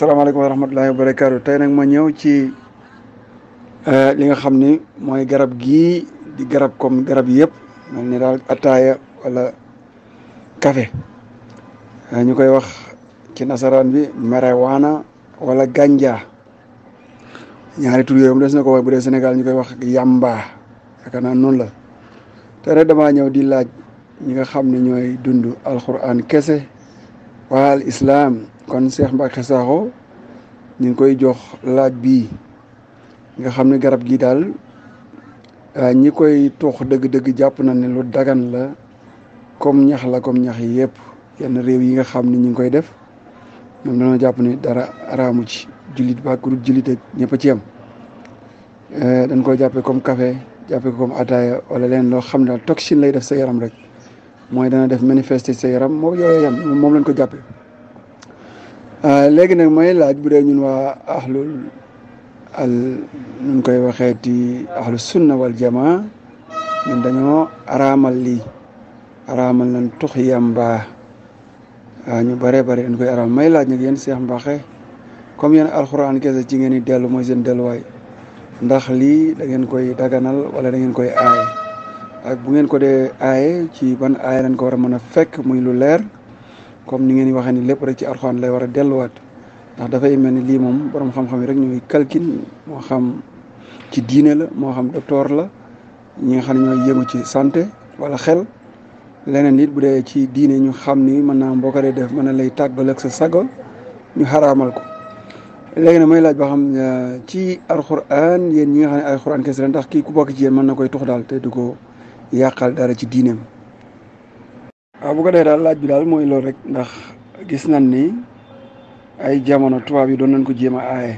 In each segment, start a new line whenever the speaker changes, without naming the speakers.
Assalamualaikum warahmatullahi wabarakatuh. tay nak ma ñew ci eh, li nga xamni moy garab gii di garab kom garab yëpp mel ni daal ataaya wala café eh, ñukoy wax ci nasaran bi marijuana wala ganja ñaari tur yoyum dess des na ko bu Sénégal ñukoy wax yamba yaakaar naa noonu la te rek damaa ñëw di laaj ñi nga xamni ñoy dundu alquran islam kon Cheikh Mbacké ñu ngi koy jox laaj bi nga xam ne garab gi daal ah, ñi koy tox dëgg-dëgg jàpp na ne lu dagan la comme ñax la comme ñax yi yëpp yenn réew yi nga xam ne ñu ngi koy def ñoom dañoo jàpp ne dara raamu ci jullit ba ku ñëpp a ci am eh, dañ koy jàppee comme café jàppee ko comme ataaya wala leen loo xam ne daal toxine lay def sa yaram rek mooy dana def manifester sa yaram moo yooyu moom lañ ko jàppe Ah, léegi nag may laaj bu dee ñun waa ahlul al nun koy waxee ti ahlu sunna wal jamaa ñun dañoo araamal lii aramal nañ tux yamba waaw ah, ñu bëree bëri dañ koy araamal may laaj nag yéen Seex Mbaxe comme yéen alxuraan kese ci ngeen di dellu mooy seen delluwaay ndax lii dangeen koy daganal wala dangeen koy aaye ak bu ngeen ko de aaye ci ban aaye nan ko war a mën a fekk muy lu leer comme ni ngeen di waxee ni lépp rek ci arxaan lay war a delluwaat ndax dafay mel ni lii moom borom xam-xam yi rek ñooy kalkin moo xam ci diine la moo xam docteur la ñi nga xam ne ñooy ci santé wala xel leneen it bu dee ci diine ñu xam ni mën naa boo ko dee def mën na lay tàggal ak sa sago ñu xaraamal ko léegi nag may laaj ba xam euh, ci alxuraan yéen ñi nga xam ne ay xuraan kese ndax kii ku bokk ci yéen mën na koy tux daal te du ko yàqal dara ci diineem abu ah, bu ko dee laaj bi dal moy lo rek ndax gis nan ni ay jamono tuwa bi don nañ ko jema ay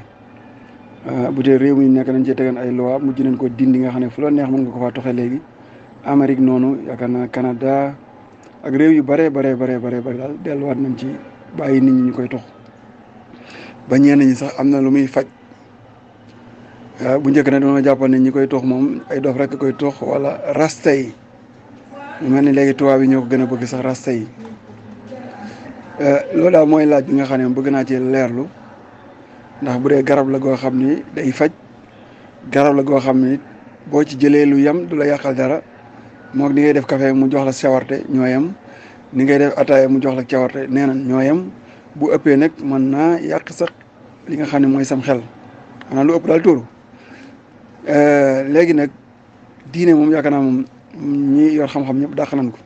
ah, bu de rew mi nek nañ ci tegan ay loi mu jinen ko dindi nga xane fu lo neex man nga ko fa toxe legi amerik nonu yakana Canada ak rew yu bare bare bare bare bare daal wat nañ ci bàyyi nit ñi ñukoy tox ba ñenn ñi sax amna lu muy faj ah, bu njëkk ne dañoo jàppoon ne ñi koy tox mom ay dof rek koy tox wala rastay mu mel léegi tubaab yi ñoo ko gën a bëgg sax rasta yi euh, loolu daal mooy laaj bi nga xam ne bëgg naa ci leerlu ndax bu dee garab la goo xam ni day faj garab la goo xam ni boo ci jëlee lu yem du la yàqal dara moog ni ngay def café mu jox la sewarte ñoo ni ngay def ataaya mu jox la cawarte nee na ñoo yem bu ëppee nag man naa yàq sax li nga xam ne mooy sam xel xanaa lu ëpp daal tuuru euh, léegi nag diine moom yaakaar ñi yor xam-xam ñëpp dàq nañ ko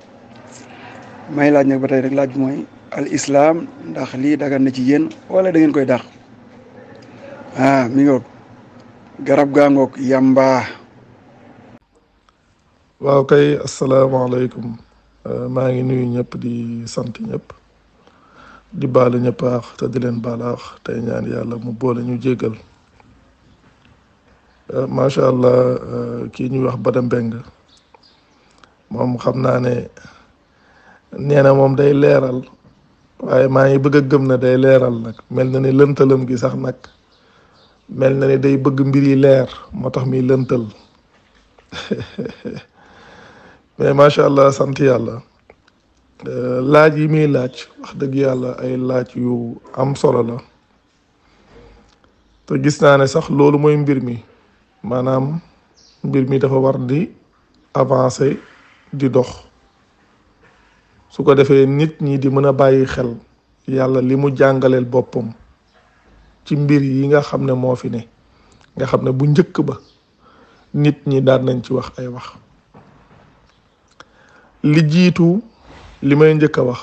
may laaj nag ba tey rek laaj mooy al islam ndax lii dagan na ci yéen wala da koy dàq ah mi ngi garab gaa ngoog yàmbaa waaw kay asalaamaaleykum euh, maa ngi
nuyu ñëpp di sant ñëpp di baalu ñëpp aax te di leen baal aax ñaan yàlla mu boole ñu jéggal euh, macha allah euh, kii ñu wax Bada Mbengue moom xam naa ne nee na moom day leeral waaye maa ngi bëgg a gëm na day leeral nag mel na ni lëntalam gi sax nag mel na day bëgg mbir yi leer moo tax muy lëntal mais macha allah sant yàlla euh, laaj yi muy laaj wax dëgg yàlla ay laaj yu am solo la te gis naa ne sax loolu mooy mbir mi maanaam mbir mi dafa war di avancer. di dox su ko defee nit ñi di mën a bàyyi xel yàlla li mu jàngaleel boppam ci mbir yi nga xam ne moo fi ne nga xam ne bu njëkk ba nit ñi daan nañ ci wax ay wax li jiitu li may njëkk a wax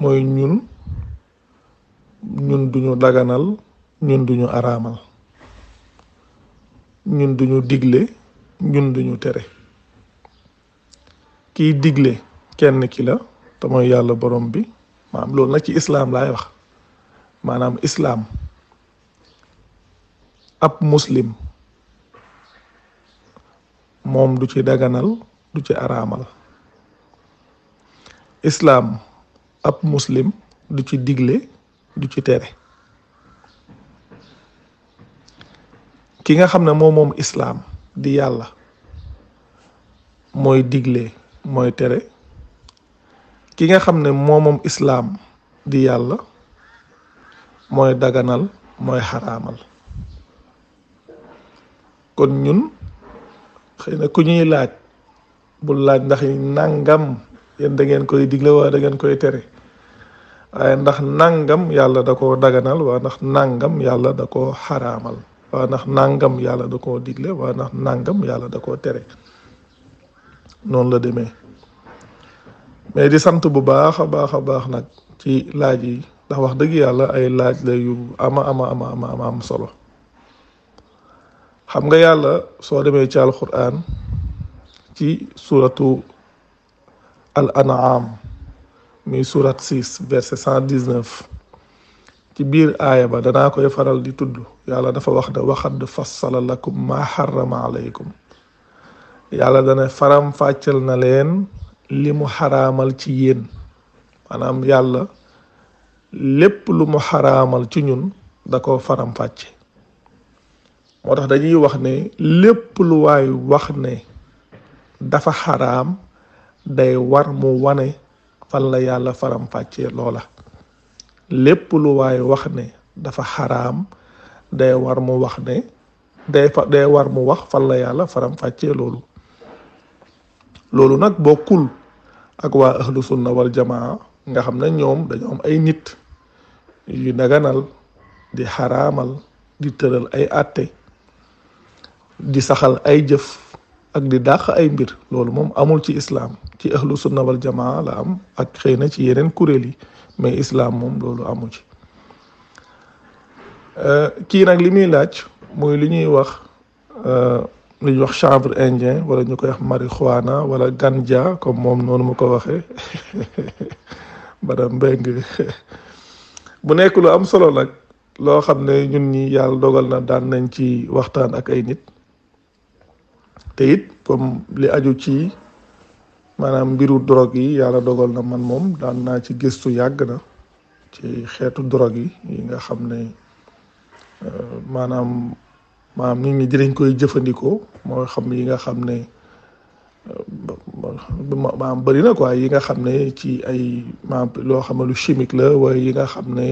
mooy ñun ñun duñu daganal ñun duñu aramal ñun duñu digle ñun duñu tere kiy digle kenn ki la te mooy yàlla borom bi maanaam loolu nag ci islaam laay wax maanaam islaam ab muslim moom du ci daganal du ci araamal islaam ab muslim du ci digle du ci tere ki nga xam ne moo moom islaam di yàlla mooy digle mooy tere ki nga xam ne moomoom islaam di yàlla mooy daganal mooy xaraamal kon ñun xëy na ku ñuy laaj bul laaj ndax nangam yéen dangeen koy digle waa da ngeen koy tere waaye ndax nangam yàlla da koo daganal waa ndax nangam yàlla da koo xaraamal waa ndax nangam yàlla da koo digle waa ndax nangam yàlla da koo tere non la démé mais di sant bu baakha baakha baax nak ci laaj yi da wax deug yàlla ay laaj la yu ama ama ama ama ama am solo xam nga yàlla so démé ci alquran ci suratu al an'am mi surat 6 verset 119 ci bir aya ba dana koy faral di tuddu yàlla dafa wax da waxad fassala lakum ma harrama alaykum yàlla dana faram na leen li mu xaraamal ci yéen maanaam yàlla lépp lu mu xaraamal ci ñun da ko faram moo tax dañuy wax ne lépp lu waay wax ne dafa xaram day war mu wane fan la yàlla faram loola lépp wax ne dafa xaraam day war mu wax day war mu wax fan la yàlla faram fàcce loolu loolu nag bokkul ak waa ahlu sunna wal jamaa nga xam ne ñoom dañoo am ay nit yu daganal di xaraamal di tëral ay ate di saxal ay jëf ak di dàq ay mbir loolu moom amul ci islaam ci ahlu sunna wal jamaa la am ak xëy na ci yeneen kuréel yi mais islaam moom loolu amul ci euh, kii nag li muy laaj mooy li ñuy wax euh, lu ñuy wax chanvre indien wala ñu koy wax marijuana wala ganja comme moom noonu mu ko waxee madame Mbengue bu nekk lu am solo nag loo xam ne ñun ñi yàlla dogal na daan nañ ci waxtaan ak ay nit te comme li aju ci maanaam mbiru drogue yi yàlla dogal na man moom daan naa ci gistu yàgg na ci xeetu drogue yi yi nga xam ne euh, maanaam maanaam nit ñi dinañ koy jëfandikoo moo xam yi nga xam ne maanaam bëri na quoi yi nga xam ne ci ay maanaam loo xam lu chimique la wala yi nga xam ne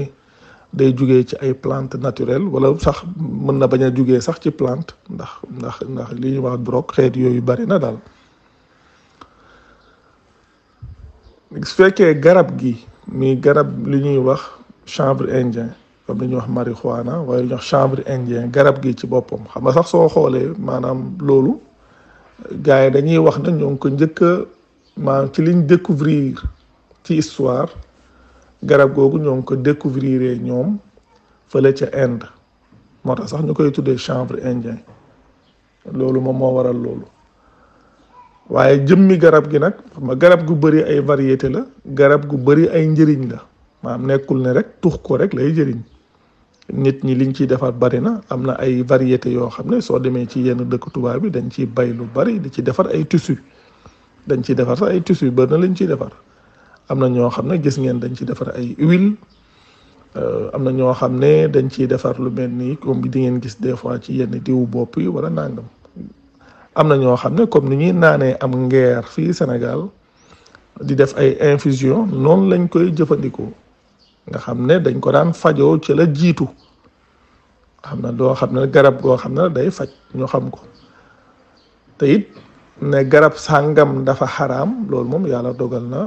day jugee ci ay plante naturel wala sax mën na bañ a jugee sax ci plante ndax ndax ndax li ñuy wax drogue xeet yooyu bëri na daal su fekkee garab gi muy garab li ñuy wax chanvre indien comme li ñuy wax marijuana waaye li ñuy wax chanvre indien garab gi ci boppam xam nga sax soo xoolee maanaam loolu gars yi dañuy wax na ñoo ngi ko njëkk a maanaam ci liñ découvrir ci histoire garab googu ñoo ngi ko découvrir ñoom fële ca Inde moo tax sax ñu koy tuddee chanvre indien loolu moom moo waral loolu waaye jëmmi garab gi nag xam garab gu bëri ay variété la garab gu bëri ay njëriñ la maanaam nekkul ne rek tux ko rek lay jëriñ nit ñi liñ ciy defar bari na am na ay variété yoo xam ne soo demee ci yenn dëkk tubaab bi dañ ciy bay lu bari di ci defar ay tissu dañ ciy defar sax ay tissu yu bari na lañ ciy defar am na ñoo xam ne gis ngeen dañ ciy defar ay huile euh, am na ñoo xam ne dañ ciy defar lu mel nii comme bi di ngeen gis des fois ci yenn diwu bopp yi wala nangam am na ñoo xam ne comme ni ñuy naanee am ngeer fii Sénégal di def ay infusion noonu lañ koy jëfandikoo. nga xam ne dañ ko daan fajoo ci la jiitu xam na doo xam ne garab goo xam ne day faj ñu xam ko te it ne garab sàngam dafa xaraam loolu moom yàlla dogal na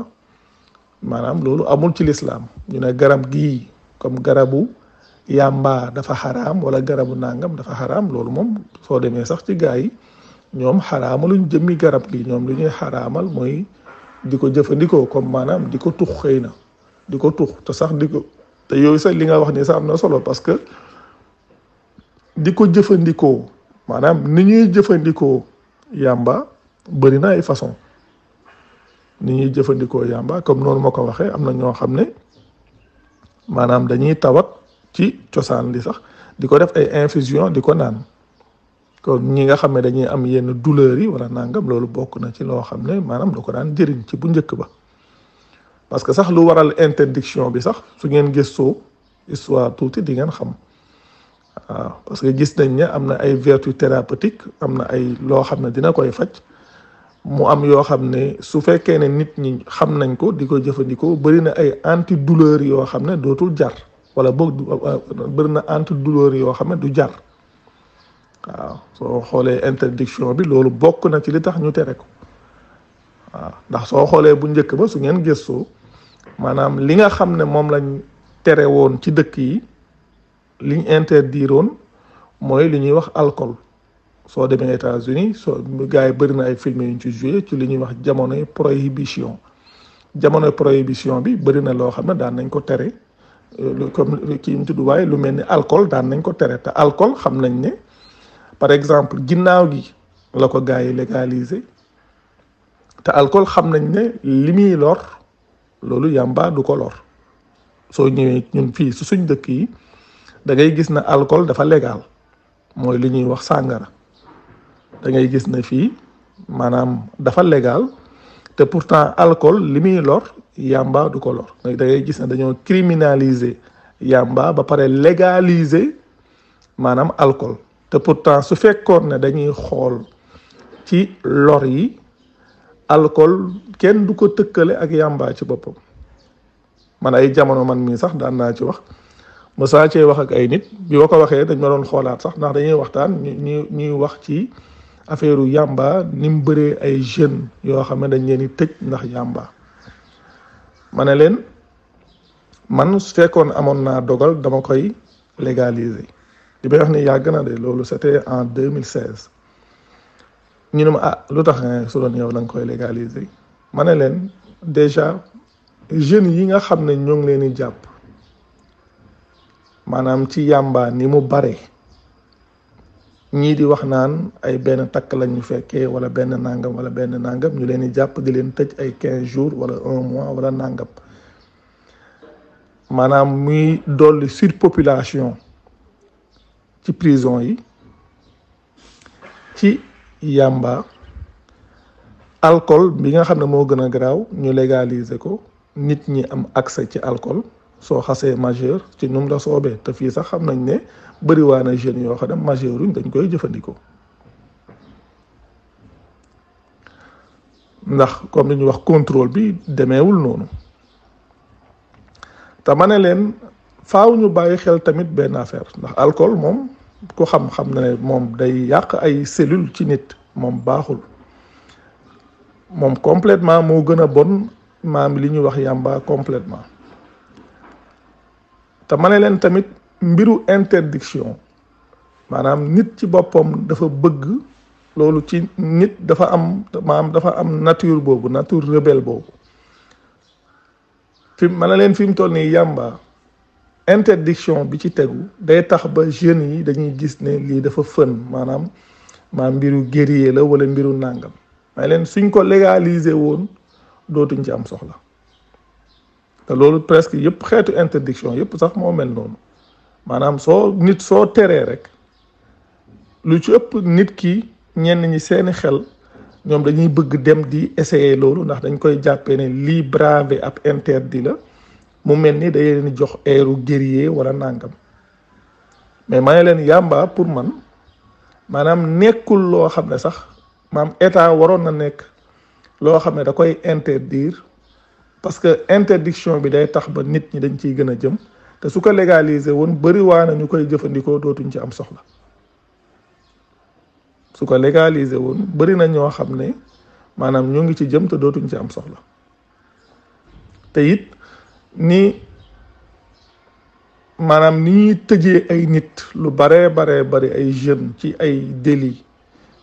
maanaam loolu amul ci lislaam ñu ne garab gii comme garabu yàmbaa dafa xaraam wala garabu nàngam dafa xaram loolu moom soo demee sax ci gaa yi ñoom xaraamaluñ jëmmi garab gi ñoom li ñuy xaraamal mooy di ko jëfandikoo comme maanaam di ko tux xëy na di ko tux te sax di ko te yooyu sax li nga wax ni sax am na solo parce que di ko jëfandikoo maanaam ni ñuy jëfandikoo yàmba bëri na ay façon ni ñuy jëfandikoo yàmba comme noonu ma ko waxee am na ñoo xam ne maanaam dañuy tawat ci cosaan li sax di ko def ay infusion di ko naan kon ñi nga xam ne dañuy am yenn douleur yi wala nangam loolu bokk na ci loo xam ne maanaam da ko daan jëriñ ci bu njëkk ba parce que sax lu waral interdiction bi sax su ngeen gëstoo histoire tuuti di ngeen xam waaw parce que gis nañ ne am na ay vertu thérapeutique am na ay loo xam ne dina koy faj mu am yoo xam ne su fekkee ne nit ñi xam nañ ko di ko jëfandikoo bëri na ay antidouleur yoo xam ne dootul jar wala boog euh, euh, bëri na antidouleur yoo xam ne du jar waaw soo xoolee interdiction bi loolu bokk na ci li tax ñu tere ko waaw ndax soo xoolee bu njëkk ba su ngeen gëstoo manam li nga xamne mom lañ téré won ci dëkk yi liñ interdire woon mooy wax alcool soo demee États-Unis so gaay yi na ay film yuñ ci jouer ci li wax jamono prohibition jamono prohibition bi bëri na loo xam daan nañ ko tere euh, comme kii ñu tudd waaye lu melni alcool daan nañ ko téré ta alcool xam nañ ne par exemple ginnaw gi la ko gaay légaliser ta alcool xam nañ ne lor. loolu yàmba du ko lor soo ñëwee ñun fii su suñ dëkk yi da ngay gis na alcool dafa légal mooy li ñuy wax sàngara da ngay gis na fii maanaam dafa légal te pourtant alcool li muy lor yàmba du ko lor da ngay gis ne dañoo criminaliser yàmba ba pare légaliser maanaam alcool te pourtant su fekkoon ne dañuy xool ci lor yi alcool kenn du ko tëkkale ak yàmbaa ci boppam man ay jamono man mii sax daan naa ci wax ma saa cee wax ak ay nit bi ma ko waxee dañ ma doon xoolaat sax ndax dañuy waxtaan ñu ñuy wax ci affaire u yàmbaa ni mu bëree ay jeunes yoo xam ne dañ leen di tëj ndax yàmbaa ma ne leen man su fekkoon amoon naa dogal dama koy légaliser li may wax ni yàgg na de loolu c'était en 2016 ñu ne ma ah lu tax nga ne su doon yow da koy légaliser. ma ne leen déjà jeunes yi nga xam ne ñoo ngi leen di jàpp maanaam ci yàmba ni mu bare ñii di wax naan ay benn takk lañu fekkee wala benn nangam wala benn nangam ñu leen di jàpp di leen tëj ay quinze jours wala un mois wala nangam maanaam muy dolli population ci prison yi ci yàmba alcool bi nga xam ne moo gën a garaaw ñu légaliser ko nit ñi am accès ci alcool soo xasee majeur ci num la soobee te fii sax xam nañ ne bëriwaa na jeunes yoo xam ne majeur uñ dañ koy jëfandikoo ndax comme li ñuy wax contrôle bi demeewul noonu te ma ne leen faw ñu bàyyi xel tamit benn affaire ndax alcool moom ku xam-xam na ne moom day yàq ay cellule ci nit moom baaxul moom completement moo gën a bon maam li ñuy wax yàmba completement te ma ne leen tamit mbiru interdiction maanaam nit ci boppam dafa bëgg loolu ci nit dafa am maam dafa am nature boobu nature rebelle boobu fi ma ne leen fi mu toll nii yàmba interdiction bi ci tegu day tax ba jeunes yi dañuy gis ne lii dafa fën maanaam maa mbiru guerrier la wala mbiru nàngam may leen suñ ko légaliser woon dootuñ ci am soxla te loolu presque yëpp xeetu interdiction yëpp sax moo mel noonu maanaam soo nit soo teree rek lu ci ëpp nit ki ñenn ñi seeni xel ñoom dañuy bëgg dem di essayer loolu ndax dañ koy jàppee ne lii braver ab interdit la mu mel ni day leen jox airu guerrier wala nàngam mais ma leen yàmba pour man maanaam nekkul loo xam ne sax maam état waroon na nekk loo xam ne da koy interdire parce que interdiction bi day tax ba nit ñi dañ ciy gën a jëm te su ko légaliser woon bëri waa na ñu koy jëfandikoo dootuñ ci am soxla su ko légaliser woon bëri na ñoo xam ne maanaam ñu ngi ci jëm te dootuñ ci am soxla te it nii maanaam ni ñuy tëjee ay nit lu baree baree bari ay jeunes ci ay délits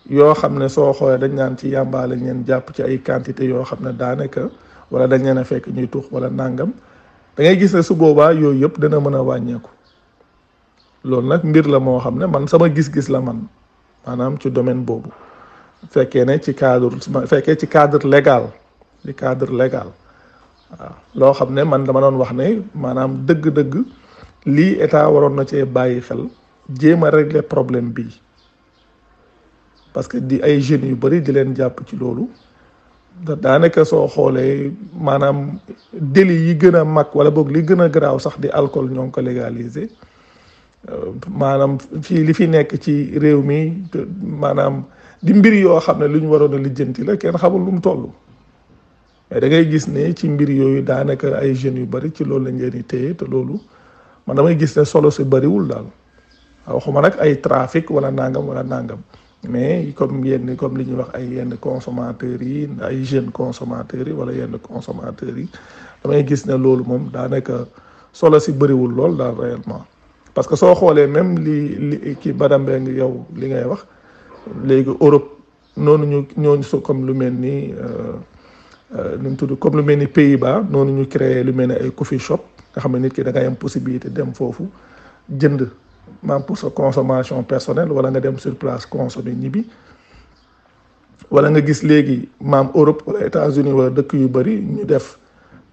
yoo xam ne soo xoolee dañ naan ci yàmbaale lañ jàpp ci ay quantité yoo xam ne daanaka wala dañ leen a fekk ñuy tuux wala nàngam da ngay gis ne su boobaa yooyu yëpp dana mën a wàññeeku loolu nag mbir la moo xam ne man sama gis-gis la man maanaam ci domaine boobu fekkee ne ci cadre fekkee ci cadre légal ci cadre légal waaw loo xam ne man dama doon wax ne maanaam dëgg-dëgg lii état waroon na cee bàyyi xel jéem a régler problème bii parce que di ay jeunes yu bëri di leen jàpp ci loolu daanaka soo xoolee maanaam déli yi gën a mag wala boog li gën a garaaw sax di alcool ñoo ngi ko légaliser euh, maanaam fii li fi nekk ci réew mi maanaam di mbir yoo xam ne lu ñu waroon a lijjanti la kenn xamul lu mu toll mais da ngay gis ne ci mbir yooyu daanaka ay jeunes yu bari ci loolu lañ leen di téye te loolu man damay gis ne solo si bariwul daal waxuma nag ay trafic wala nangam wala nangam. mais comme yenn comme li ñuy wax ay yenn consommateurs yi ay jeunes consommateurs yi wala yenn consommateurs yi damay gis ne loolu moom daanaka solo si bëriwul lool daal réellement parce que soo xoolee même li li kii badambee ngi yow li ngay wax léegi Europe noonu ñu ñooñu su comme lu mel ni euh, euh, nu mu tudd comme lu mel ni Pays-Bas noonu ñu créer lu mel ni ay coffee shop nga xam ne nit ki dangay am possibilité dem foofu jënd Mam pour sa consommation personnelle wala nga dem sur place consommer ñibbi wala nga gis léegi mam Europe wala États-Unis wala dëkk yu bëri ñu def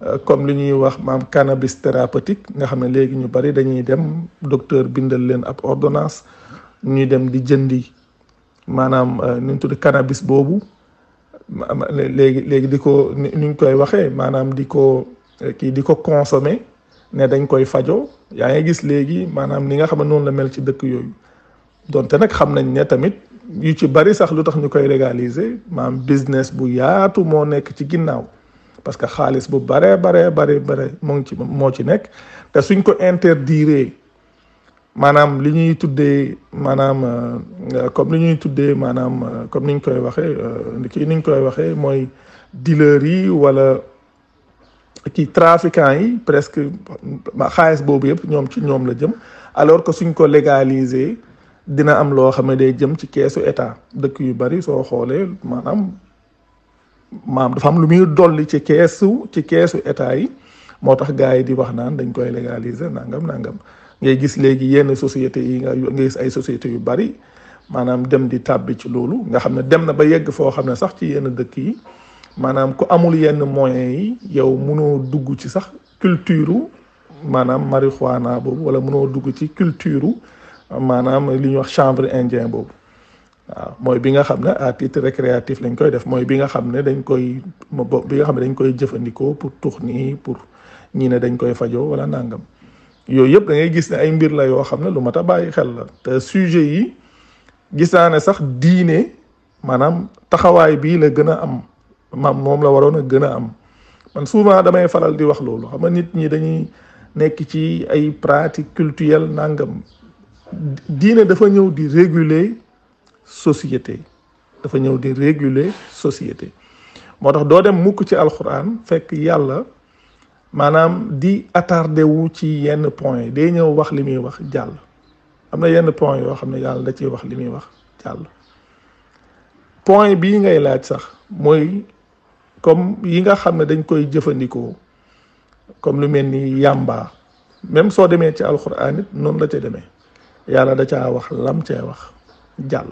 euh, comme li ñuy wax mam cannabis thérapeutique nga xamné ne ñu bari dañuy dem docteur bindal leen ab ordonnance ñuy dem di jëndi manam euh, nu ñu tudd cannabis bobu léegi léegi diko ñu koy waxé manam diko euh, ki diko consommer ne dañ koy fajo yaa ngi gis léegi maanaam ni nga xam noonu la mel ci dëkk yooyu donte nag xam nañ ne tamit yu ci bari sax lu tax ñu koy légaliser maam business bu yaatu moo nekk ci ginnaaw parce que xaalis bu bare bare bare bare mu ngi ci moo ci nekk te suñ ko interdire maanaam li ñuy tuddee maanaam euh, comme li ñuy tuddee maanaam euh, comme ni ñu koy waxee euh, kii ni ñu koy waxee mooy dealer yi wala. ci trafiquants yi presque xaalis boobu yëpp ñoom ci ñoom la jëm alors que suñ ko légaliser dina am loo xam ne day jëm ci keesu état dëkk yu bari soo xoolee maanaam maam dafa am lu muy dolli ci keesu ci keesu état yi moo tax gars yi di wax naan dañ koy légaliser nangam nangam ngay gis léegi yenn sociétés yi nga nga gis ay sociétés yu bari maanaam dem di tàbbi ci loolu nga xam ne dem na ba yegg foo xam ne sax ci yenn dëkk yi. maanaam ku amul yenn moyens yi yow mënoo dugg ci sax culture maanaam marijuana boobu wala mënoo dugg ci culture maanaam li ñuy wax chanvre indien boobu waaw mooy bi nga xam ne à titre récréatif lañ koy def mooy bi nga xam ne dañ koy bi nga xam ne dañ koy jëfandikoo pour tux nii pour ñi ne dañ koy fajoo wala nangam yooyu yëpp da ngay gis ne ay mbir la yoo xam ne lu mat a bàyyi xel la te sujet yi gis naa ne sax diine maanaam taxawaay bii la gën a am. maam moom la waroon a gën a am man souvent damay faral di wax loolu xam nga nit ñi dañuy nekk ci ay pratique culturelle nangam diine dafa ñëw di réguler société dafa ñëw di réguler société moo tax doo dem mukk ci alxuraan fekk yàlla maanaam di attardé wu ci yenn point yi day ñëw wax li muy wax jàll am na yenn point yoo xam ne yàlla da ciy wax li muy wax jàll point bii ngay laaj sax mooy comme yi nga xam ne dañ koy jëfandikoo comme lu mel ni yàmba même soo demee ci alxuraan it noonu la ca demee yàlla da caa wax lam cee wax jàll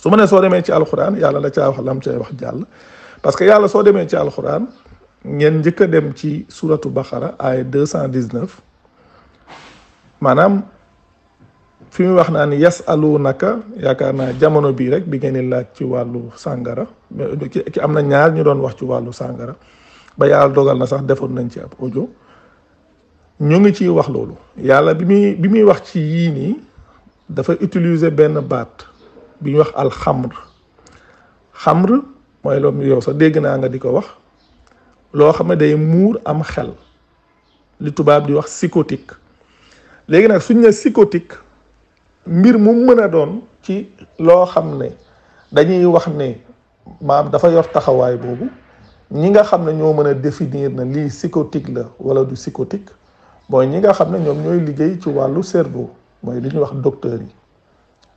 su ma ne soo demee ci alxuraan yàlla da caa wax lam cee wax jàll parce que yàlla soo demee ci alxuraan ngeen njëkk a dem ci suratu Baqara ay deux cent dix-neuf maanaam fi muy wax naa ni yasalunaka yaakaar naa jamono bii rek bi ngeen di laaj ci wàllu sàngara ki am na ñaar ñu doon wax ci wàllu sàngara ba yàlla dogal na sax defoon nañ ci ab audio ñu ngi ci wax loolu yàlla bi muy bi muy wax ci yii nii dafa utilise benn baat bi ñuy wax alxamr xamr mooy loolu yow sax dégg naa nga di ko wax loo xam ne day muur am xel li tubaab di wax psychotique léegi nag suñ ne psychotique mbir mu mën a doon ci loo xam ne dañuy wax ne maam dafa yor taxawaay boobu ñi nga xam ne ñoo mën a définir na lii psychotique la wala du psychotique mooy ñi nga xam ne ñoom ñooy liggéey ci wàllu cerveau mooy li ñuy wax docteur yi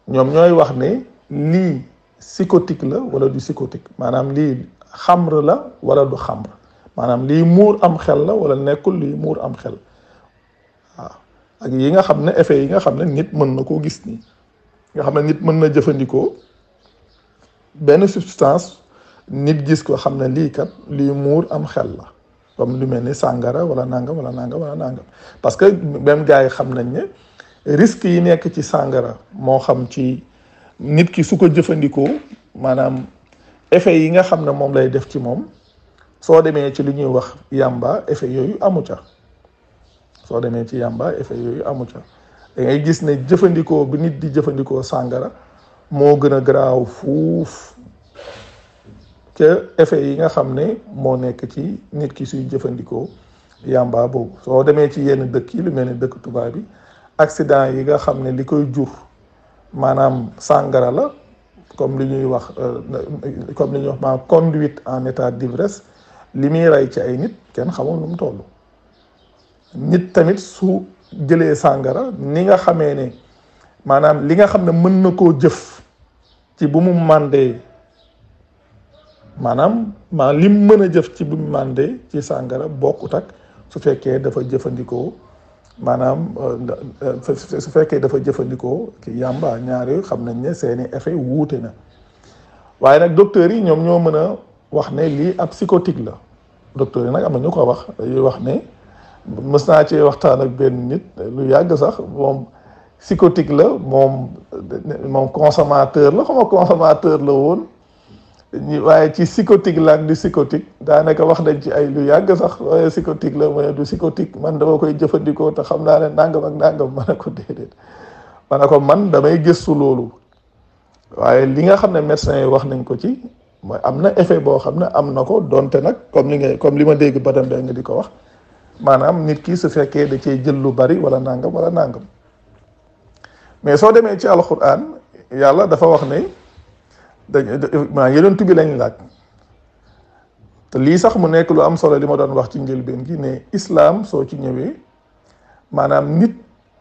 ñoom ñooy wax ne lii psychotique la wala du psychotique maanaam lii xamr la wala du xamr maanaam lii muur am xel la wala nekkul lii muur am xel waaw ak yi nga xam ne effet yi nga xam ne nit mën na koo gis nii nga xam ne nit mën na jëfandikoo benn substance nit gis ko xam ne lii kat lii muur am xel la comme lu mel ni sàngara wala nangam wala nàngam wala nangam parce que même gars yi xam nañ ne risques yi nekk ci sàngara moo xam ci nit ki su ko jëfandikoo maanaam effet yi nga xam ne moom lay def ci moom soo demee ci lu ñuy wax yàmba effet yooyu amu ca soo demee ci yàmba effet yooyu amu ca da ngay gis ne jëfandikoo bi nit di jëfandikoo sàngara moo gën a garaaw fuuf ca effet yi nga xam ne moo nekk ci nit ki suy jëfandikoo yàmba boobu soo demee ci yenn dëkk yi lu mel ne dëkk tubaab bi accident yi nga xam ne li koy jur maanaam sàngara la comme li ñuy wax euh, comme li ñuy wax ma conduite en état d'ivresse li muy rey ci ay nit kenn xamul nu mu nit tamit su jëlee sàngara ni nga xamee ne maanaam li nga xam ne mën na koo jëf ci bu mu màndee maanaam ma lim mën a jëf ci bu mu màndee ci sàngara bokkut ak su fekkee dafa jëfandikoo maanaam euh, su fekkee dafa jëfandikoo ki yàmba ñaar yooyu xam nañ ne seeni effet wuute na waaye nag docteurs yi ñoom ñoo mën a wax ne lii ab psychotique la docteurs yi nag am na ñu ko wax dañuy wax ne mës naa cee waxtaan ak benn nit lu yàgg sax moom psychotique la moom moom consommateur la xama consommateur la woon ñu waaye ci psychotique la ak du psychotique daanaka wax dañ ci ay lu yàgg sax waaye psychotique la mooy du psychotique man dama koy jëfandikoo te xam naa ne nangam ak nangam ma ne ko déedéet ma ne ko man damay gëstu loolu waaye li nga xam ne médecin yi wax nañ ko ci mooy am na effet boo xam ne am na ko donte nag comme li nga comme li ma dégg Badame nga di ko wax maanaam nit kii su fekkee da cee jël lu bari wala nàngam wala nangam mais soo demee ci alxuraan yàlla dafa wax ne dañ yonent bi lañ laaj te lii sax mu nekk lu am solo li ma doon wax ci njëlbeen gi ne islaam soo ci ñëwee maanaam nit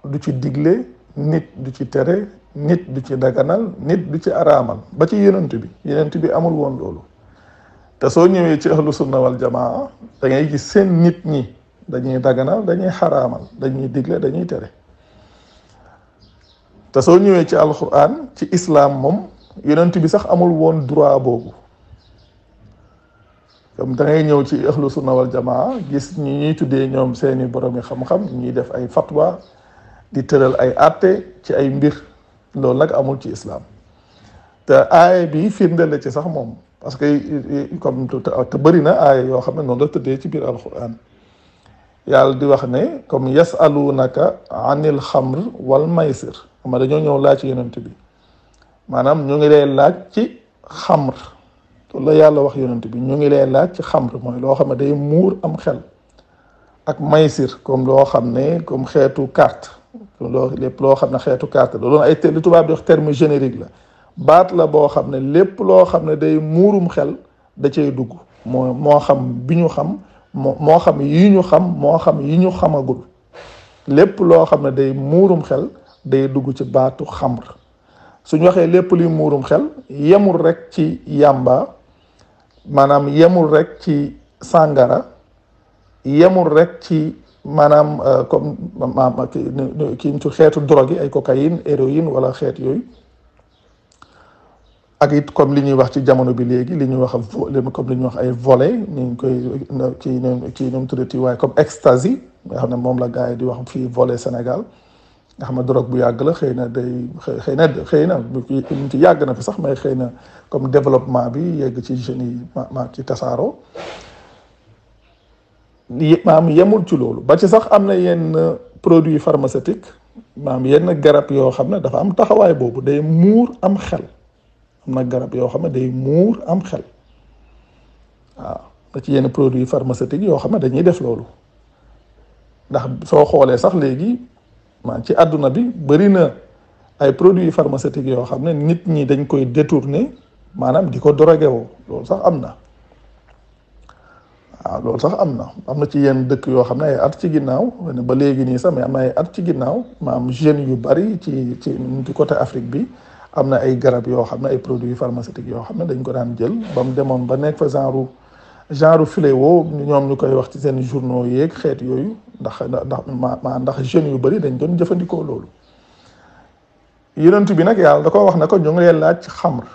du ci digle nit du ci tere nit du ci daganal nit du ci araamal ba ci yonent bi yonent bi amul woon loolu te soo ñëwee ci ahlu sunna wal jamaa da ngay gis seen nit ñi dañuy daganal dañuy xaraamal dañuy digle dañuy tere te soo ñëwee ci alquran ci islaam moom yonent bi sax amul woon droit boobu comme dangay ñëw ci ahlu sunna wal jamaa gis ñi ñuy tuddee ñoom seeni boromi xam-xam ñuy def ay fatwa di tëral ay àtte ci ay mbir loolu nag amul ci islaam te aaya bi firnde la ci sax moom parce que comme te bëri na aaya yoo xam ne noonu la tëddee ci biir alquran yàlla di wax ne comme yasalunaka anil xamr wal maysir xam nga dañoo ñëw laaj ci yonent bi maanaam ñu ngi lay laaj ci xamr la yàlla wax yonent bi ñu ngi lay laaj ci xamr mooy loo xam ne day muur am xel ak maysir comme loo xam ne comme xeetu carte loo lépp loo xam ne xeetu carte la loolu ay li tubaab di wax terme générique la baat la boo xam ne lépp loo xam ne day muurum xel da cay dugg moo moo xam bi ñu xam moo xam yi ñu xam moo xam yi ñu xamagul lépp loo xam ne day muurum xel day dugg ci baatu xamr suñ waxee lépp luy muurum xel yemul rek ci yàmba maanaam yemul rek ci sàngara yemul rek ci maanaam euh, comme ki ci xeetu drogue yi ay cocaïne héroïne wala xeet yooyu ak it comme li ñuy wax ci jamono bi léegi li ñuy wax a comme li ñuy wax ay volets ñu ngi koy ci kii nu mu tuddati waaye comme ecstasy nga xam ne moom la gars yi di wax fii volet Sénégal nga xam ne drogue bu yàgg la xëy na day xëy na xëy na ñu ci yàgg na fi sax mais xëy na comme développement bi yegg ci jeunes yi ma ma ci tasaaroo maam yemul ci loolu ba ci sax am na yenn produit pharmaceutique maam yenn garab yoo xam ne dafa am taxawaay boobu day muur am xel. am na garab yoo xam ne day muur am xel waaw da ci yenn produits pharmaceutiques yoo xam ne dañuy def loolu ndax soo xoolee sax léegi man ci àdduna bi bëri na ay produits pharmaceutiques yoo xam ne nit ñi dañ koy détourner maanaam di ko drogué woo loolu sax am na waaw loolu sax am na am na ci yenn dëkk yoo xam ne ay at ci ginnaaw ba léegi nii sax mais am at ci ginnaaw am jeunes yu bari ci ci côté Afrique bi am na ay garab yoo xam ne ay produits pharmaceutiques yoo xam ne dañ ko daan jël ba mu demoon ba nekk fa genre genre fléau ñoom ñu koy wax ci seen journaux yeeg xeet yooyu ndax ndax ma ndax jeunes yu bëri dañ doon jëfandikoo loolu yonent bi nag yàlla da ko wax ne ko ñu ngi leen laaj xamr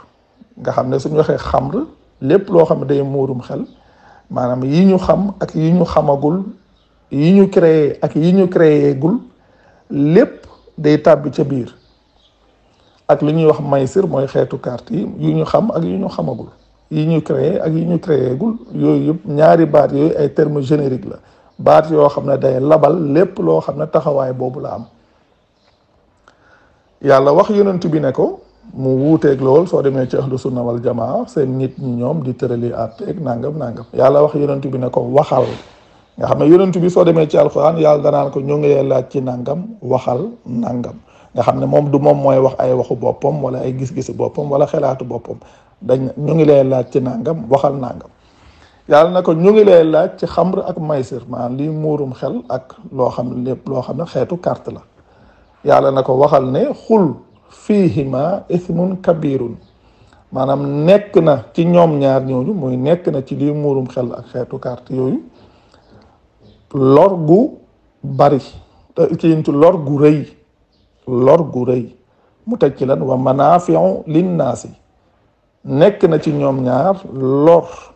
nga xam ne suñu waxee xamr lépp loo xam ne day muurum xel maanaam yi ñu xam ak yi ñu xamagul yi ñu créé ak yi ñu créé gul lépp day tàbbi ca biir ak li ñuy wax maysir mooy xeetu kart yi yu ñu xam ak yu ñu xamagul yi ñu créé ak yi ñu créé gul yooyu yëpp ñaari baat yooyu ay terme génériques la baat yoo xam ne day labal lépp loo xam ne taxawaay boobu la am yàlla wax yonent bi ne ko mu wuuteeg lool soo demee ci ahlu sunna wal jamaa seen nit ñoom di tërali àtteeg nangam nangam yàlla wax yonent bi ne ko waxal nga xam ne yonent bi soo demee ci alxuraan yàlla danaan ko ñu ngi laaj ci nangam waxal nangam nga xamne mom du mom moy wax ay waxu bopom wala ay gis-gisu bopom wala xelatu bopom dañ ñu ngi lay laacc ci nangam waxal nangam yàlla na ko ñu ngi lay laacc ci xamr ak maysir maanaam li murum xel ak lo xam lépp lo xam ne xeetu carte la yàlla na ko waxal ne xul fiihima ithmun kabirun manam nek na ci ñom ñaar ñooñu moy nek na ci li murum xel ak xetu carte yoyu lor gu bari te ci lor gu rëy lor gu rëy mu teg ci lan wa manaafiu linnaasi nekk na ci ñoom ñaar lor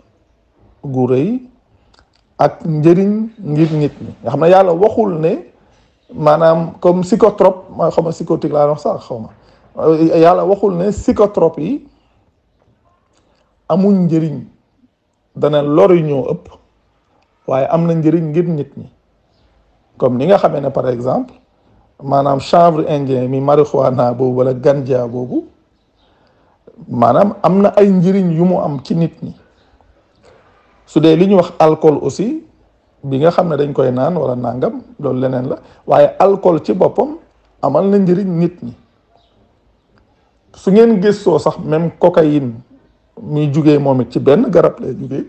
gu rëy ak njëriñ ngir nit ñi nga xam ne yàlla waxul ne maanaam comme psychotrope ma xaw ma psychotique laa wax sax xaw ma yàlla waxul ne psychotrope yi amuñ njëriñ dana lor yi ñoo ëpp waaye am na njëriñ ngir nit ñi comme ni nga xamee ne par exemple maanaam chanvre indien mi marijuana boobu wala ganja boobu maanaam am na ay njëriñ yu mu am ci nit ñi su dee li ñu wax alcool aussi bi nga xam ne dañ koy naan wala nangam loolu leneen la waaye alcool ci boppam amal na njëriñ nit ñi su ngeen gëstoo sax même cocaïne muy jugee moom it ci benn garab lay jugee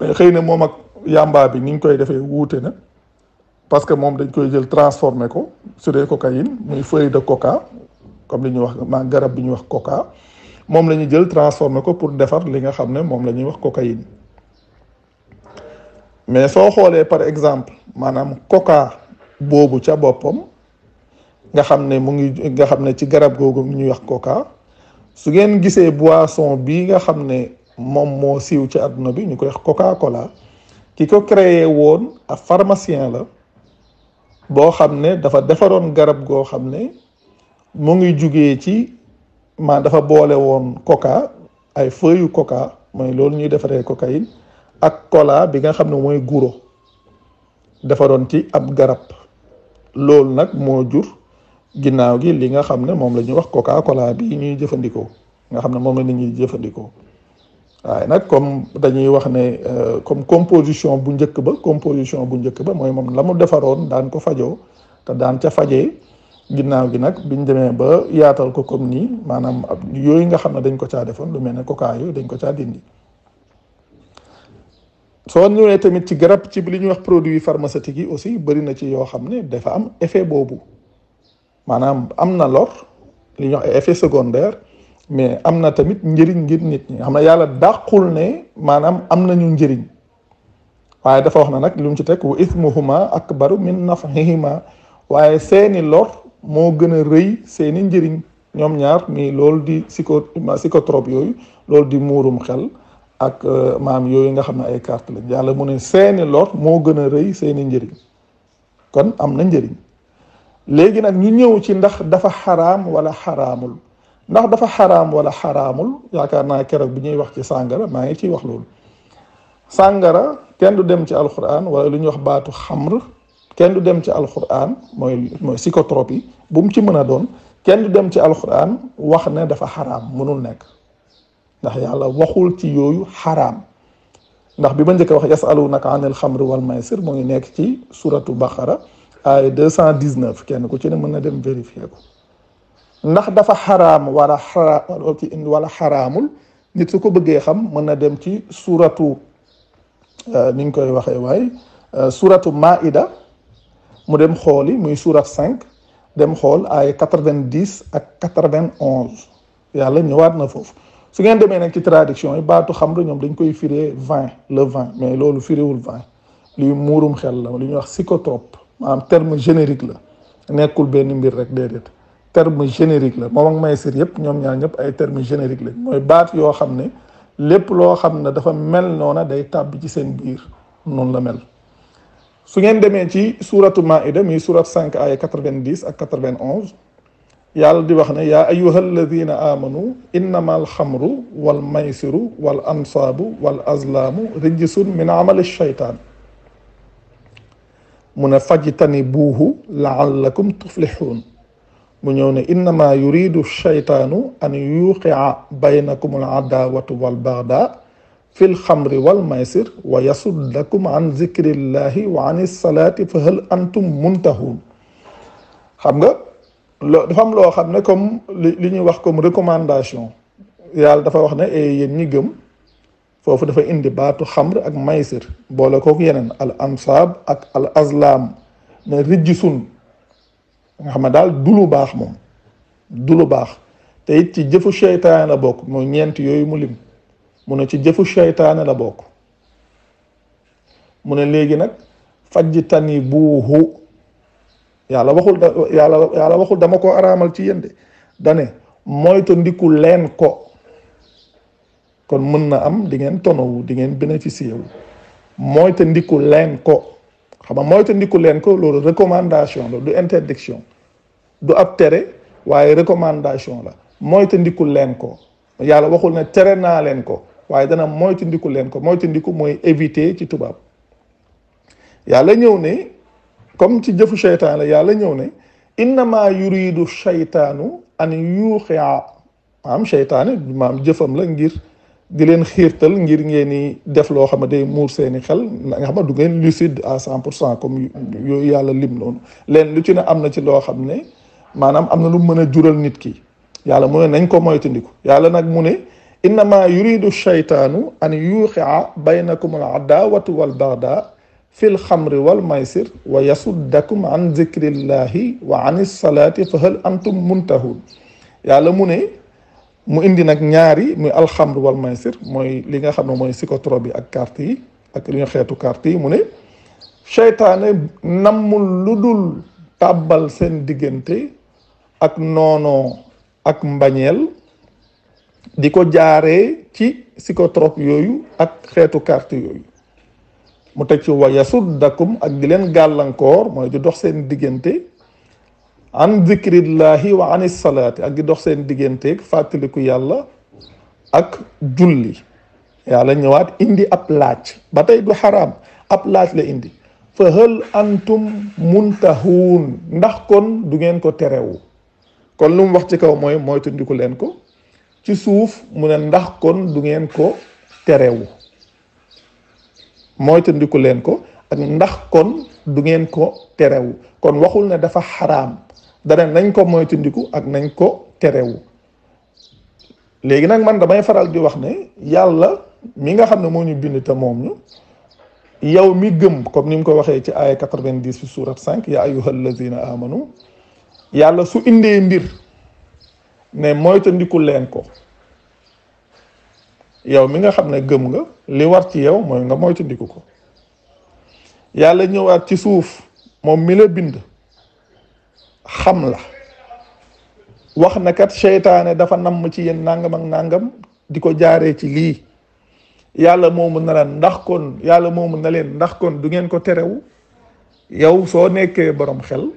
xëy na moom ak yàmbaa bi ni koy defee wuute na. parce que moom dañ koy jël transformer ko sur dee cocaïne muy feuille de coca comme li wax ma garab bi ñuy wax coca moom lañu jël transformer ko pour defar li nga xam ne moom la wax cocaïne mais soo xoolee par exemple maanaam coca boobu ca boppam nga xam ne mu ngi nga xam ne ci garab googu ñu wax coca su ngeen gisee boisson bii nga xam ne moom moo siiw ci bi ñu koy wax coca cola ki ko créé woon a pharmacien la boo xam ne dafa defaroon garab goo xam ne mu ngi jugee ci ma dafa boole woon koka ay feuilles koka mooy loolu ñuy defaree cocaïne ak kola bi nga xam ne mooy guro defaroon ci ab garab loolu nag moo jur ginnaaw gi li nga xam ne moom la ñuy wax coca cola bi ñuy jëfandikoo nga xam ne moom la nit ñuy jëfandikoo waaye nag comme dañuy wax ne euh, comme composition bu njëkk ba composition bu njëkk ba mooy moom la mu defaroon daan ko fajoo te daan ca fajee ginnaaw gi nag biñ demee ba yaatal ko comme nii maanaam yooyu nga xam ne dañ ko caa defoon lu mel ne coca yooyu dañ ko caa dindi. soo ñëwee tamit ci garab ci li ñu wax produit pharmaceutique yi aussi bëri na ci yoo xam ne dafa am effet boobu maanaam am na lor li ñuy wax effet secondaire. mais am na tamit njëriñ ngir nit ñi xam na yàlla dàqul ne maanaam am nañu njëriñ waaye dafa wax na nag lu ci teg wa ismuhuma akbaru min nafihima waaye seeni lor moo gën a rëy seeni njëriñ ñoom ñaar mii loolu di psycho psychotrope yooyu loolu di muurum xel ak euh, maam yooyu nga xam ne ay carte lañ yàlla mu ne seeni lor moo gën a rëy seeni njëriñ kon am na njëriñ léegi nag ñu ñëw ci ndax dafa xaram wala xaraamul ndax dafa xaraam wala xaraamul yaakaar naa keroog bi ñuy wax ci sàngara maa ngi ciy wax loolu sàngara kenn du dem ci alquran wala lu ñuy wax baatu xamr kenn du dem ci alquran mooy mooy psychotropie bu mu ci mën a doon kenn du dem ci alquran wax ne dafa xaraam mënul nekk ndax yàlla waxul ci yooyu xaram ndax bi ma njëkk a wax yasalunaka anil xamr wal maysir moo ngi nekk ci suratu baqara aaya 219 kenn ku ci ne mën na dem vérifier ko ndax dafa haram wala xara wala haramul nit su ko bëggee xam meuna dem ci suratu ni ñu koy waxé way suratu maida mu dem xoli muy surat 5 dem xol ay 90 ak 91 yàlla ñëwaat na fofu su ngeen démé nak ci traduction yi baatu xam lu ñom dañ koy firé 20 le 20 mais loolu firiwul 20 li muurum xel la li ñu wax psychotrope manam terme générique la nekul ben mbir rek dedet terme générique la moom ak maysir yëpp ñoom ñaar ñëpp ay terme générique la mooy baat yoo xam ne lépp loo xam ne dafa mel noona day tàbb ci seen biir noonu la mel su ngeen demee ci suuratu maida muy suurat 5 ay 90 ak 91 yàlla di wax ne yaa ayuha alladina amanu innama alxamru wal maysiru wal ansabu wal azlamu rijisun min amali shaytan mu ne fajtani laallakum tuflixuun mu ñëw ne innama yuridu shaytaanu an yuqia baynakum al adawatu wal bagda fi l xamri wal maysir wa yasuddakum an zikrillahi wa an salaati fa hal antum muntahun xam nga loo dafa am loo xam ne comme li ñuy wax comme recommandation yàlla dafa wax ne e yéen ñi gëm foofu dafa indi baatu xamr ak maysir boole kooku yeneen al ansaab ak al azlam ne rijsun nga xam ne daal du lu baax moom du lu baax te it ci jëfu seytaane la bokk mooy ñeent yooyu mu lim mu ne ci jëfu seytaane la bokk mu ne léegi nag faj tani buuhu yàlla waxul yàlla waxul dama ko araamal ci yéen de dane moytu ndiku leen ko kon mën na am di ngeen tonowu di ngeen bénéficier wu moytu ndiku leen ko xam nga moytandiku leen ko loolu recommandation la du interdiction du ab tere waaye recommandation la moytandiku leen ko yàlla waxul na tere naa leen ko waaye dana moytandiku leen ko moytandiku mooy éviter ci tubaab yàlla ñëw ne comme ci jëfu seytaan la yàlla ñëw ne innama yuridu seytaanu an yuuxia maam seytaane maam jëfam la ngir di leen xiirtal ngir ngeen di def lo xam day muur seeni xel nga xam du ngeen lucide à 100% comme yo yàlla lim non len lu ci ne amna ci lo xam ne maanaam am lu meuna jural nit ki yàlla mo nañ ko moy tindiku yàlla nak mu ne ma yuridu shaytanu an yuqia bainakum al adawatu wal bagda fi l xamri wal maisir wa yasuddakum an dhikrillahi wa an as-salati fa hal antum muntahun yàlla mu ne mu indi nag ñaari muy alxamr wal mooy li nga xam ne mooy psychotrope yi ak carte yi ak li ñu xeetu carte yi mu ne seytaane nammul lu dul tàbbal seen diggante ak noonoo ak mbañeel di ko jaaree ci psychotrope yooyu ak xeetu carte yooyu mu teg ci wayasuddakum ak di leen gàllankoor mooy di dox seen diggante an dikrillahi wa an salaati ak di dox seen digganteeg fàttaliku yàlla ak julli yàlla ñëwaat indi ab laaj ba tey du xaraam ab laaj la indi fa hal antum muntahuun ndax kon du ngeen ko terewu kon lu wax ci kaw mooy mooy tundiku leen ko ci suuf mu ne ndax kon du ngeen ko terewu mooy tundiku leen ko ak ndax kon du ngeen ko terewu kon waxul ne dafa xaraam dana nañ ko moytandiku ak nañ ko terewu léegi nag man damay faral di wax ne yàlla mi nga xam ne moo ñu bind te moom ñu yow mi gëm comme ni mu ko waxee ci aaya 90 ci suurat 5 ya ayyuhal lazina amanu yàlla su indee mbir ne moytandiku leen ko yow mi nga xam ne gëm nga li war ci yow mooy nga moytandiku ko yàlla ñëwaat ci suuf moom mi la bind xam la wax na kat seytaane dafa nam ci yéen nangam ak di ko jaaree ci lii yàlla moomu na la ndax kon yàlla moomu na leen ndax kon du ngeen ko terewu yow soo nekkee boroom xel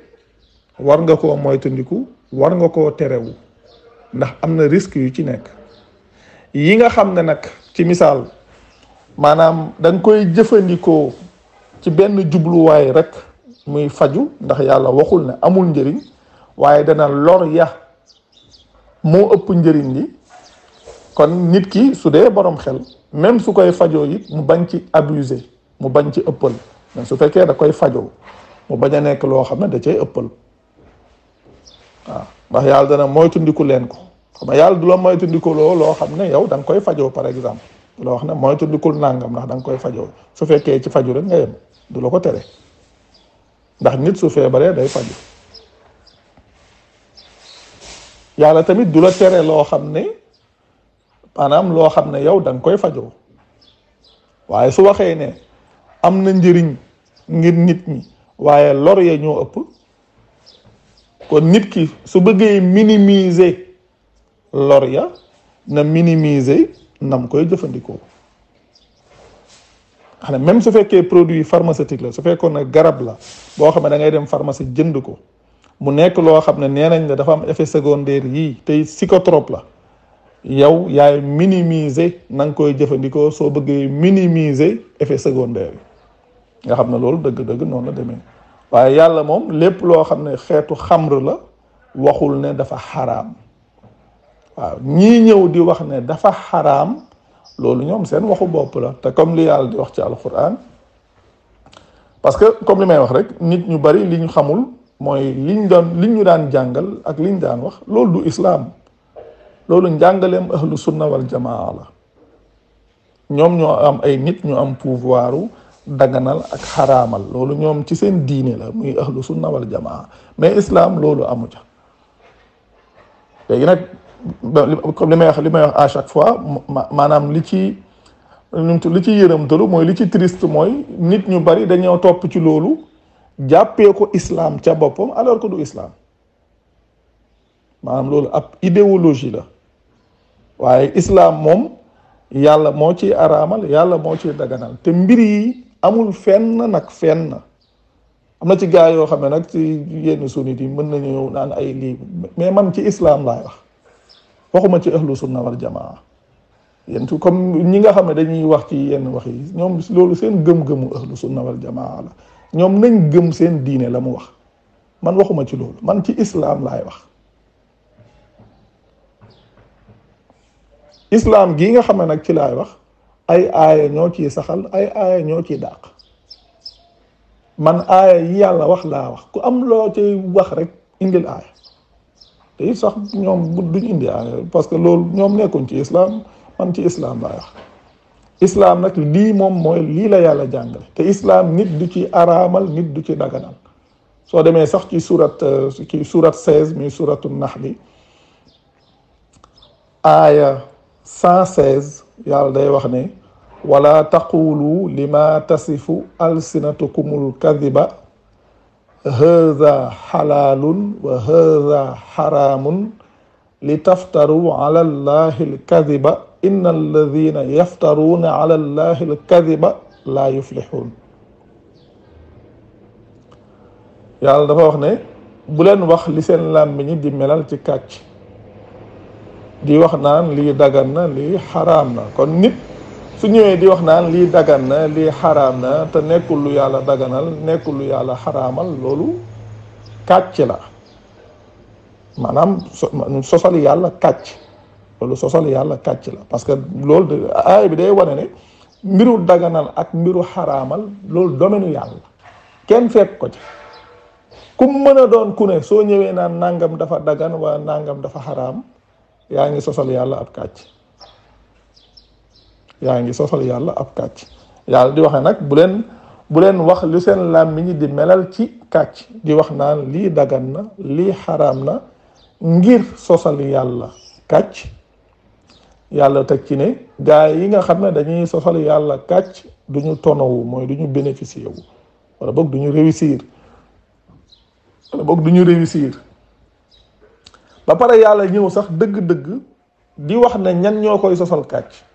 war nga koo moytandiku war nga koo terewu ndax am na risque yu ci nekk yi nga xam ne nag ci misaal maanaam danga koy jëfandikoo ci benn jubluwaay rek. muy faju ndax yàlla waxul ne amul njëriñ waaye dana lor ya moo ëpp njëriñ li kon nit ki su dee borom xel même su koy fajoo it mu bañ ci abuser mu bañ ci ëppal mais su fekkee da koy fajoo mu bañ a nekk loo xam ne da cay ëppal waaw ndax yàlla dana moytundiku leen ko xam yàlla du la moytundiku loo loo xam ne yow da nga koy fajoo par exemple loo wax ne moytundikul nàngam ndax danga koy fajoo su fekkee ci faju rek nga yem du la ko tere ndax nit su feebaree day faju yàlla tamit du la tere loo xam ne maanaam loo xam ne yow da koy fajoo waaye su waxee ne am na njëriñ ngir nit ñi waaye lor ñoo ëpp kon nit ki su bëggee minimiser lor ya na minimise nam koy jëfandikoo xam ne même su fekkee produit pharmaceutique la su fekkoon na garab la boo xam ne da ngay dem pharmacie jënd ko mu nekk loo xam ne nee nañ la dafa am effet secondaire yii tey psychotrope la yow yaay minimiser na nga koy jëfandikoo soo bëggee minimiser effet secondaire yi nga xam ne loolu dëgg-dëgg noonu la demee waaye yàlla moom lépp loo xam ne xeetu xamr la waxul ne dafa xaraam waaw ñii ñëw di wax ne dafa xaraam loolu ñoom seen waxu bopp la te comme li yàlla di wax ci alquran parce que comme li may wax rek nit ñu bari li ñu xamul mooy liñ doon liñ ñu daan jàngal ak liñ daan wax loolu du islaam loolu njàngaleem ahlu sunna wal jamaa la ñoom ñoo am ay nit ñu am pouvoiru daganal ak xaraamal loolu ñoom ci seen diine la muy ahlu sunna wal jamaa mais islaam loolu amu ca léegi nag comme li may wax li may wax à chaque fois maanaam li ci li ci yërëm dëlu mooy li ci triste mooy nit ñu bari dañoo topp ci loolu jàppee ko islaam ca boppam alors que du islaam maanaam loolu ab idéologie la waaye islaam moom yàlla moo ci araamal yàlla moo ci daganal te mbir yi amul fenn nag fenn am na ci gaa yoo xam ne nag ci yenn sunnit yi mën nañu naan ay lii mais man ci islaam laay wax. waxuma ci ahlu sunna wal jamaa yéen comme ñi nga xam ne dañuy wax ci yenn wax yi ñoom loolu seen gëm-gëmu ahlu sunna wal jamaa la ñoom nañ gëm seen diine la mu wax man waxuma ci loolu man ci islaam laay wax islaam gi nga xam ne nag ci lay wax ay aaya ñoo ci saxal ay aaya ñoo ci dàq man aaya yi yàlla wax laa wax ku am loo ci wax rek indil aaya te sax ñoom duñ indi parce que loolu ñoom nekkuñ ci islam man ci islam laa wax islam nag lii moom mooy lii la yàlla jàngale te islam nit du ci aramal nit du ci daganal so deme sax ci sourate ci sourate 16 mi sourate an-nahl aya 116 yàlla day wax ne wala taqulu lima tasifu alsinatukumul kadiba هذا حلال وهذا حرام لتفتروا على الله الكذب إن الذين يفترون على الله الكذب لا يفلحون يالا دا فاخ ني بولن واخ لي سين لام ني دي ملال لي دغان لي حرام نا كون su ñëwee di wax naan lii dagan na lii xaraam na te nekkul lu yàlla daganal nekkul lu yàlla xaraamal loolu kàcc la maanaam sosal yàlla kàcc loolu sosal yàlla kàcc la parce que loolu aaya bi day wane ne mbiru daganal ak mbiru xaraamal loolu domaine yàlla kenn fekk ko ci ku mën a doon ku ne soo ñëwee naan nangam dafa dagan wala nangam dafa xaram yaa ngi sosal yàlla ab kàcc yaa ngi sosal yàlla ab kàcc yàlla di waxe nag bu leen bu leen wax lu seen làmmiñ ñi di melal ci kàcc di wax naan lii daggan na lii xaram na ngir sosal yàlla kàcc yàlla teg ci ne gaay yi nga xam ne dañuy sosal yàlla kàcc du ñu tonowu mooy duñu ñu wu wala boog duñu ñu réussir wala boog réussir ba pare yàlla ñëw sax dëgg-dëgg di wax ne ñan ñoo koy sosal kàcc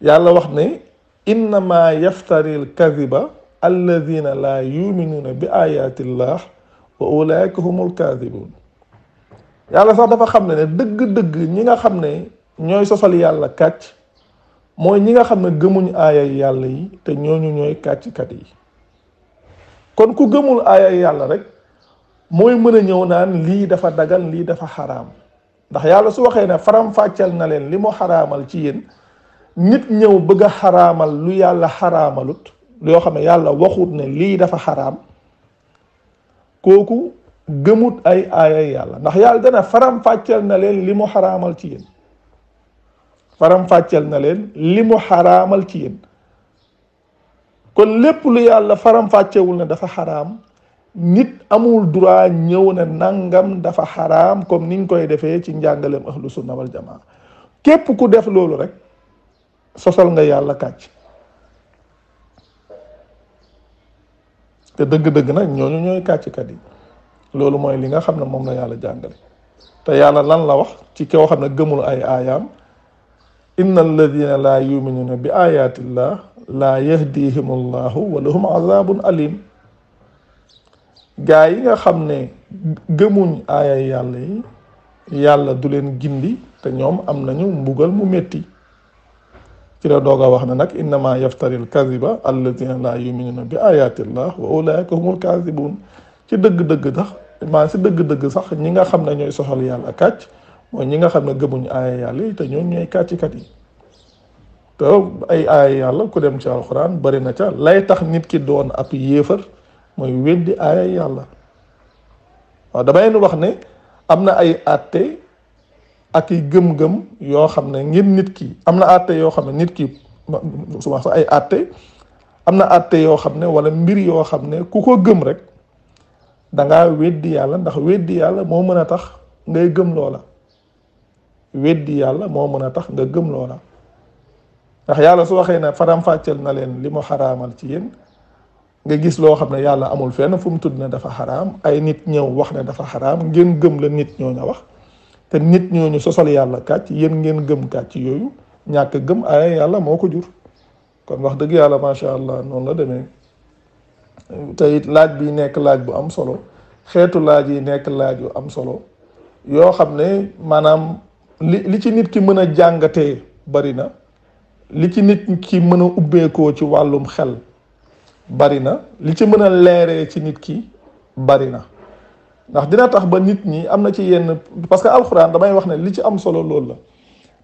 yàlla wax ne innama yaftari l kadiba alladina laa yuminuuna bi ayatillah wa ulaika humul kadibun yàlla sax dafa xam ne ne dëgg-dëgg ñi nga xam ne ñooy sosal yàlla kàcc mooy ñi nga xam ne gëmuñ aayay yàlla yi te ñooñu ñooy kàcckat yi kon ku gëmul aayay yàlla rek mooy mën a ñëw naan lii dafa dagan lii dafa xaraam ndax yàlla su waxee ne faram fàcceel na leen li mu xaraamal ci yéen nit ñëw bëgg a xaraamal lu yàlla xaraamalut yoo xam ne yàlla waxut ne lii dafa xaraam kooku gëmut ay aayay yàlla ndax yàlla dana faram fàcceel na leen li mu xaraamal ci yéen faram na leen li mu xaraamal ci yéen kon lépp lu yàlla faram fàccewul ne dafa xaraam nit amul droit ñëw ne nangam dafa xaraam comme niñ koy defee ci njàngaleem ahlu sunna wal jamaa képp ku def loolu rek sosal nga yàlla kàcc te dëgg-dëgg nag ñooñu ñooy kàcckat yi loolu mooy li nga xam ne moom la yàlla jàngale te yàlla lan la wax ci koo xam ne gëmul ay aayaam inna alladina laa bi ayatillah laa yahdihim allahu wa lahum azabun alim gaa yi nga xam ne gëmuñ aaya yàlla yi yàlla du leen gindi te ñoom am nañu mbugal mu metti ci la doog a wax ne nag innama yaftari l kaziba alladina la yuminuna bi ayatillah wa ulaika humul kazibun ci dëgg-dëgg tax maa si dëgg-dëgg sax ñi nga xam ne ñooy soxal yàlla kàcc mooy ñi nga xam ne gëmuñu aaya yàlla yi te ñoon ñooy kàccikat yi te ay aaya yàlla ku dem ci alxuraan bari na ca lay tax nit ki doon ab yéefar mooy weddi aaya yàlla waaw damay wax ne am na ay atte ak i gëm-gëm yoo xam ne ngir nit ki am na àtte yoo xam ne nit ki souvent sax ay àtte am na àtte yoo xam ne wala mbir yoo xam ne ku ko gëm rek da ngaa weddi yàlla ndax weddi yàlla moo mën a tax ngay gëm loola weddi yàlla moo mën a tax nga gëm loola ndax yàlla su waxee ne faramfàcceel fàcceel na leen li mu xaraamal ci yéen nga gis loo xam ne yàlla amul fenn fu mu tudd ne dafa xaraam ay nit ñëw wax ne dafa xaraam ngeen gëm la nit ñoo wax te nit ñooñu sosal yàlla kàcc yéen ngeen gëm kàcc yooyu ñàkk gëm ay yàlla moo ko jur kon wax dëgg yàlla macha allah noonu la demee te laaj bi nekk laaj bu am solo xeetu laaj yi nekk laaj yu am solo yoo xam ne maanaam li li ci nit ki mën a jàngatee bari na li ci nit ki mën a ubbeekoo ci wàllum xel bari na li ci mën a leeree ci nit ki bari na ndax dina tax ba nit ñi am na ci yenn parce que alxuraan damay wax ne li ci am solo loolu la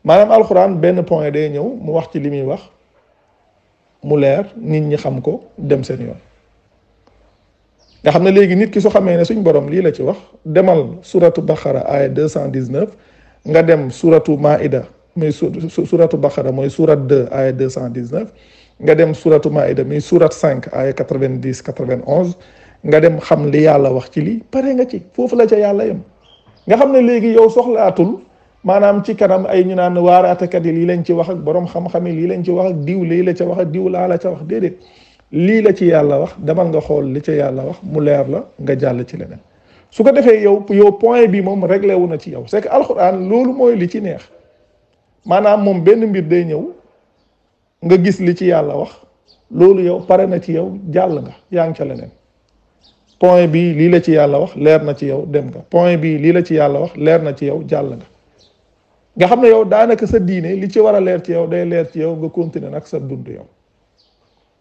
maanaam alxuraan benn point day ñëw mu wax ci li muy wax mu leer nit ñi xam ko dem seen yoon. nga xam ne léegi nit ki su xamee ne suñ borom lii la ci wax demal suratu Baqara aaya 219 nga dem suratu Maida muy suratu Baqara mooy surat 2 aaya 219 nga dem suratu Maida muy surat 5 aaya 90 91. nga dem xam li yàlla wax ci lii pare nga ci foofu la ca yàlla yem nga xam ne léegi yow soxlaatul maanaam ci kanam ay ñu naan waaraatekat yi lii lañ ci wax ak borom xam-xam yi lañ ci wax ak diw lii la ca wax ak diw laa la ca wax déedéet lii la ci yàlla wax demal nga xool li ca yàlla wax mu leer la nga jàll ci leneen su ko defee yow yow point bi moom réglé wu na ci yow c'est que alxuraan loolu mooy li ci neex maanaam moom benn mbir day ñëw nga gis li ci yàlla wax loolu yow pare na ci yow jàll nga yaa ngi ca leneen. point bii lii la ci yàlla wax leer na ci yow dem nga point bii lii la ci yàlla wax leer na ci yow jàll nga nga xam ne yow daanaka sa diine li ci war a leer ci yow day leer ci yow nga continuer nag sa dund yow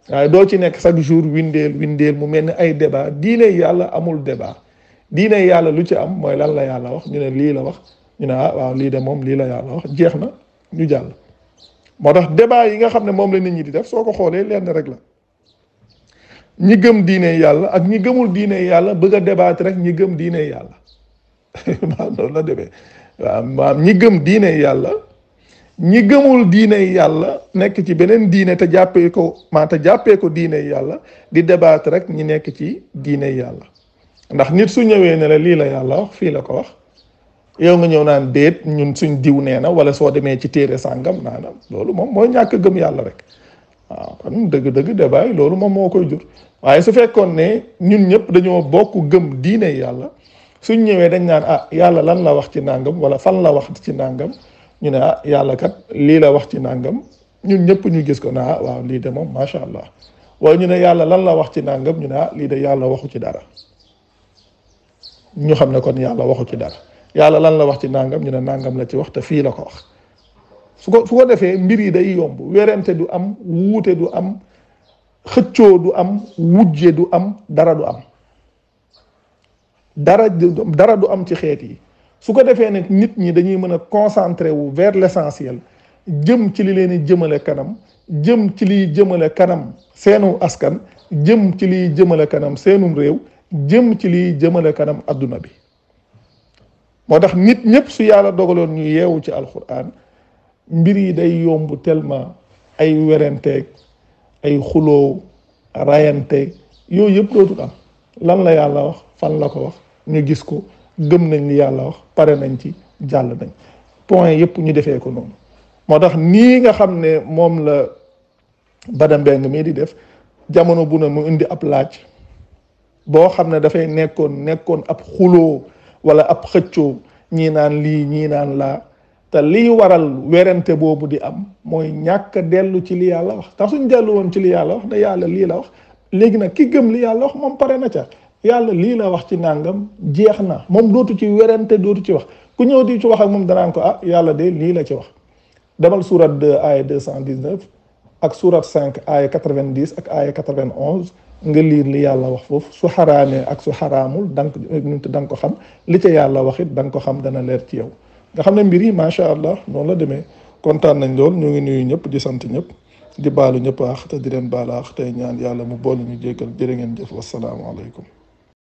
waaye doo ci nekk chaque jour windeel windeel mu mel ni ay débat diine yàlla amul débat diine yàlla lu ci am mooy lan la yàlla wax ñu ne lii la wax ñu ne ah waaw lii de moom lii la yàlla wax jeex na ñu jàll moo tax débat yi nga xam ne moom la nit ñi di def soo ko xoolee lenn rek la ñi gëm diine yàlla ak ñi gëmul diine yàlla bëgg a débattre rek ñi gëm diine yàlla maam noonu la demee waaw maam ñi gëm diine yàlla ñi gëmul diine yàlla nekk ci beneen diine te jàppee ko maa te jàppee ko diine yàlla di debaat rek ñi nekk ci diine yàlla ndax nit su ñëwee ne lii la yàlla wax fii la ko wax yow nga ñëw naan déet ñun suñ diw nee na wala soo demee ci téere sàngam naanam loolu moom mooy ñàkk gëm yàlla rek waaw ah, kon dëgg-dëgg débat yi loolu moom moo koy jur waaye su fekkoon ne ñun ñëpp dañoo bokk gëm diine yàlla suñ ñëwee dañ naan ah yàlla lan la wax ci nàngam wala fan la wax ci nàngam ñu ne ah yàlla kat lii la wax ci nàngam ñun ñëpp ñu gis ko ne ah, waaw lii de moom macha allah wala ñu ne yàlla lan la wax ci nàngam ñu ne ah, lii de yàlla waxu ci dara ñu xam ne kon yàlla waxu ci dara yàlla lan la wax ci nàngam ñu ne nàngam la ci wax te fii la ko wax. su ko su ko defee mbir yi day yomb werante du am wuute du am xëccoo du am wujje du am dara du am dara dara du am ci xeet yi su ko defee nag nit ñi dañuy mën a concentré wu vers l'essentiel jëm ci li leen di jëmale kanam jëm ci liy jëmale kanam seenu askan jëm ci liy jëmale kanam seenu réew jëm ci liy jëmale kanam adduna bi moo tax nit ñëpp su yàlla dogaloon ñu yeewu ci alxuraan mbir yi day yomb tellement ay weranteek ay xuloo rayanteeg yooyu yëpp dootul am lan la yàlla wax fan la ko wax ñu gis ko gëm nañ li yàlla wax pare nañ ci jàll nañ point yëpp ñu defee ko noonu moo tax nii nga xam ne moom la Bada Mbengue mii di def jamono bu na mu indi ab laaj boo xam ne dafay nekkoon nekkoon ab xuloo walla ab xëccoo ñii naan lii ñii naan laa te liy waral werante boobu di am mooy ñàkk dellu ci li yàlla wax ndax suñ dellu woon ci li yàlla wax ne yàlla lii la wax léegi nag ki gëm li yàlla wax moom pare na ca yàlla lii la wax ci nàngam jeex na moom dootu ci werante dootu ci wax ku ñëw di ci wax ak moom danaan ko ah yàlla de lii la ci wax demal surat 2 aya 219 ak surat 5 aya 90 ak aya 91 nga liir li yàlla wax foofu su xaraamee ak su xaraamul da nga ko da nga ko xam li ca yàlla wax it da nga ko xam dana leer ci yow nga xam ne mbir yi macha allah noonu la demee kontaan nañ lool ñu ngi nuyu ñëpp di sant ñëpp di baalu ñëpp a te di leen baal aax tey ñaan yàlla mu boole ñu jéggal jërë ngeen jëf wasalaamualeykum.